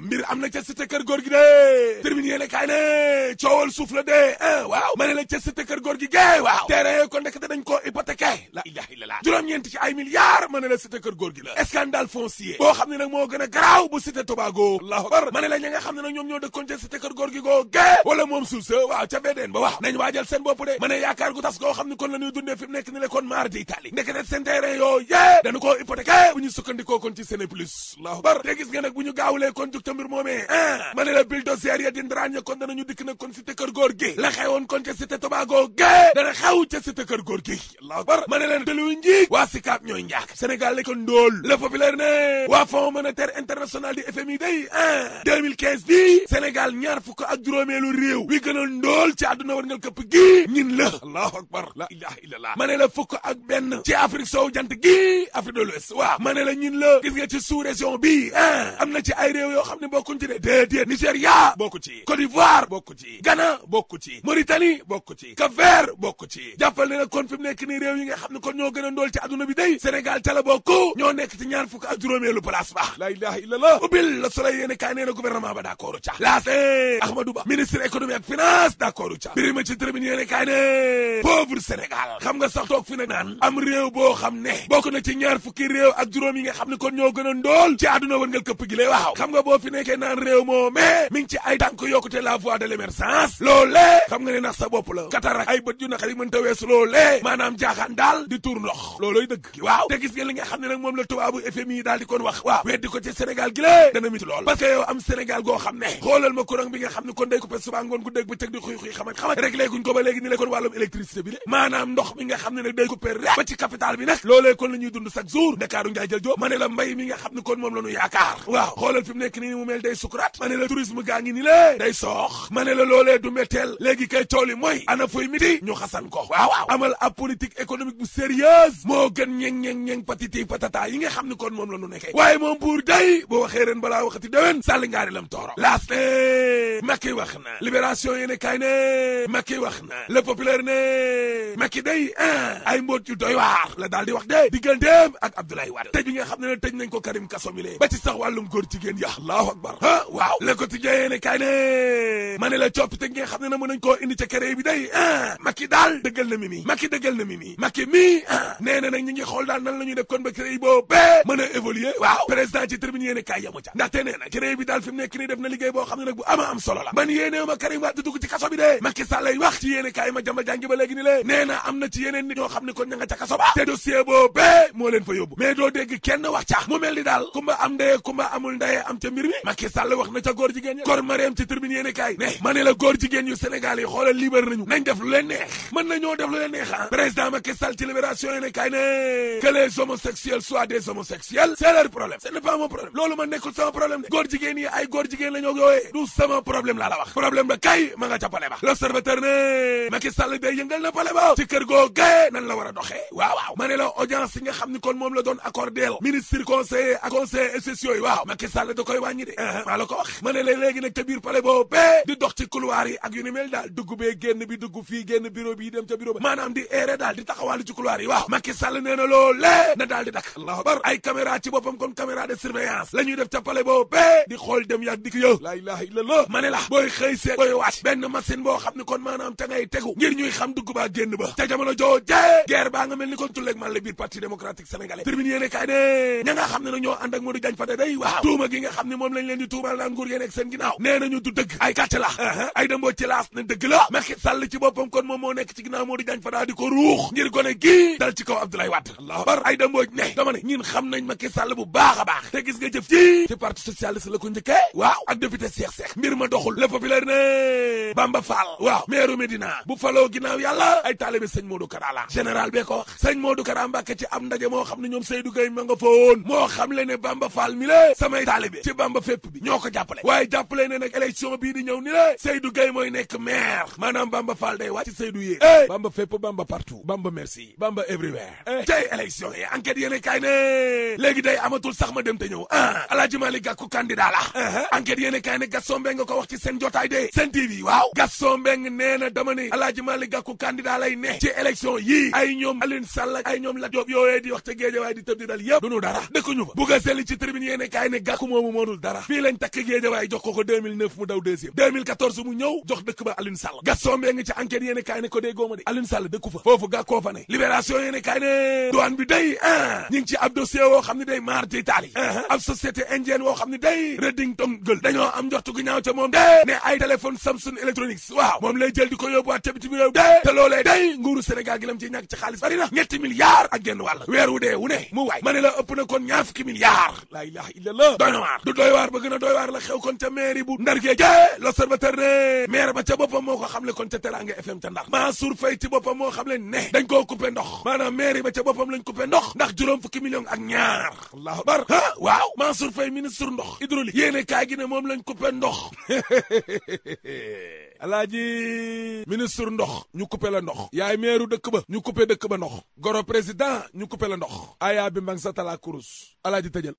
mbir am na ca cité kër góor gi de terminé kaay ne coowal suuf la de ah waaw ma la ca cité kër góor gi gee waaw terrain yoo ko nekk dañ koo hypothéqué la ilaha illallah juróom-ñeenti ci ay milliards ma la cité kër góor gi la scandale foncier boo xam ne nag moo gën a garaaw bu cité Tobago allahu akbar ma ne la ña xam ne nag ñoom ñoo dëkkoon ca cité kër góor gi goo gee wala moom suuf sa waaw ca bedeen ba waaw nañ waajal seen bopp de ma ca mbir moomee ah ma ya dindaraan ya kon dikk na kon cité kër góor gi la xewoon kon ca cité Tobago ga dana góor gi allahu akbar ma ne leen dëluy njiig waa Sicap ñooy njaak Sénégal la ko ndóol le populaire ne waa Fonds monétaire international di FMI day ah, bi Sénégal ñaar fukk ak juróomeelu réew wi gën a ndóol ci àdduna war ngal këpp gi ñin la allahu akbar la ilaha illallah ma ne fukk ak benn ci Afrique soow jant gi Afrique de l'Ouest waaw ma ne la ñin la gis nga ci sous bi ah, am na ci ay réew yoo xam ne bokkuñ ci de déedéet Nigéria bokku ci Côte d'Ivoire bokku ci Ghana bokku ci Mauritanie bokku ci Cap-Vert bokku ci jàppal ne kon fi mu nekk nii réew yi nga xam ne kon ñoo gën a ndool ci adduna bi day Sénégal fukk ak juróomeelu place ba la ilaha illallah ubbil la soleil yéene kaay nee na gouvernement ba d'accord ne pauvre Sénégal ci ñaar fukki réew ak nga a ndool ci adduna wërngal këpp gi lay waaw xam nga boo fi nekkee naan réew moo mais mi ngi ci ay tànk yokkute la voie de l'émergence loolee xam nga ne nax sa bopp la katarak ay bët yu naqari mën ta weesu loolee maanaam jaaxaan daal di tuur ndox loolooy dëgg waaw te gis nga xam ne nag moom la tubaabu FMI daal di koon wax waaw weddi ci Sénégal gi lée lool parce am Sénégal goo xam ne xoolal ma courant bi nga xam ne kon day coupé suba ngoon gu dégg ba ci capital bi nag loolee kon la ñuy dund chaque jour mu mel day sukrat mané le tourisme gaa ngi ni le day sox mané le lolé du metel légui kay tool moy ana fuy midi ñu xassan ko waaw amal a politique économique bu sérieuse mo gën ñeng ñeng ñeng patiti patata yi nga xamni kon mom la nu nekké waye mom bour day bo waxé ren bala waxati dewen sàll ngari lam toro last day Macky waxna libération yene kaay ne Macky le populaire ne Macky day ah ay mbot yu doy war la daldi di wax de digganteem ak Abdoulaye wad tëj bi nga xam ne nañ ko Karim Kasso mi ba ci sax wàllum góor jigéen ya Allah allahu akbar ah waaw le quotidien yéene kaay ne ma ne coppite gi xam ne na mën nañ koo indi ca kere bi day ah Macky daal dëggal na mi mi Macky dëggal na mi mi ah nee na nag xool daal nan la def kon ba kere yi boobu mën a évoluer waaw président ci tribune yéene kaay yamu ca ndaxte nee na kere bi daal fi def na liggéey boo xam ne nag bu ama am solo la man yéene ma Karim Wade dugg ci kaso bi dee Macky Sall wax ci yéene kaay ma jamba jàngi ba léegi Macky Sall wax na ca góor jigéen ñi kor Mariam ci tribune yéene ne ma ne la góor jigéen yu Sénégal yi xoolal libre nañu nañ def lu leen neex mën nañoo def lu leen neex ah président Macky Sall ci libération yéene kaay ne que les homosexuels soient des homosexuels c'est problème ce n'est pas mon problème loolu ma nekkul sama problème de jigéen yi ay góor jigéen la ñoo yooyee du sama problème laa la wax problème ba kay ma ca pale ba la war a ne la audience yi ngi de maa la ko wax ma ne la léegi nag te biir palais boobee di dox ci couloir yi ak yu ni mel daal dugg bee génn bi dugg fii génn bureau bi dem ca bureau ba maanaam di eere daal di taxawaalu ci couloir yi waaw Macky Sall nee na loolee na daal di dak allahu akbar ay caméra ci boppam kon caméra de surveillance la ñuy def ca palais boobee di xool dem yàgg di ko yow laa ilaha illallah ma la booy xëy see booy wàcc benn machine boo xam ne kon maanaam te ngay tegu ngir ñuy xam dugg baa na ñoo ànd ak Modou Diagne Fada moom lañ leen di tuumal naan nguur yéen ak seen ginnaaw nee nañu du dëgg ay kàcc la uh-huh. ay dëmboo ci laas dëgg la Macky Sall ci boppam kon moom moo nekk ci ginnaaw Modou Diagne Fada di ko ruux ngir gone gii dal ci kaw Abdoulaye Wade allahu akbar ay dëmboo ne dama ne xam nañ Macky Sall bu baax a baax te gis nga jëf ji ci parti socialiste la ko njëkkee waaw ak député Cheikh Cheikh mbir ma doxul le populaire ne Bamba Fall waaw meeru Medina bu faloo ginnaaw yàlla ay taalibe sëñ Modou Kara la général bee ko wax sëñ Modou Kara Mbàkke ci am ndaje moo xam ne ñoom Seydou Gueye ma nga foon moo xam le ne Bamba Fall mi la samay taalibe ci Bamba fépp bi ñoo ko jàppale waaye jàppale ne nag élection bii di ñëw ni la Seydou Gueye mooy nekk maire maanaam Bamba Fall day wàcc Seydou yée eh Bamba fépp Bamba partout Bamba merci Bamba everywhere eh, tey élection yi enquête yéene kaay ne léegi day amatul sax ma dem te ñëw ah Alaaji Malick Gakou candidat la eh, eh, enquête yéene kaay ne Gaston Mbengue nga gaaw Gaston Mbengue dama ni Alaaji Malick Gakou candidat lay ne ci élection yii ay ñoom Alioune Sall ay ñoom Lat Diop yooyee di wax ca Géejawaay di tëb di dal yëpp duñu dara dëkkuñu fa bugg a ci tribune yéene ne Gakou moomu moodul dara fii lañ takk Géejawaay jox ko ko mu daw mu ñëw jox dëkk ba Alioune Sall Gaston Mbengue ci enquête yéene ne ko dee góoma de Alioune Sall dëkku fa foofu Gakou fa ne libération yéene ne douane bi day ah ci ab dossier woo électronique waaw moom lay jël di ko yóbbuwaat ca bitim réew dee te loolee day nguuru Sénégal gi lam ci ñàkk ci xaalis bari na ñetti milliards ak genn wàll weer wu dee wu ne mu waay ma la ëpp na kon ñaar fukki milliards laa ilaha illa allah doy du doy waar ba a doy waar la xew kon ca mairie bu ndar gee l'observateur ne maire ba ca boppam moo ko xamle kon ca Teranga FM ca Ndar Mansour Faye ci boppam moo xamle ne dañ koo coupé ndox maanaam mairie ba ca boppam lañ coupé ndox ndax juróom fukki millions ak ñaar allahu akbar ah waaw Mansour Faye ministre alaaji ministre ndox ñu coupé la ndox yaay meeru dëkk ba ñu coupé dëkk ba ndox goro président ñu coupé la ndox ayaa bi mbang sa tala kurus alaaji tëjal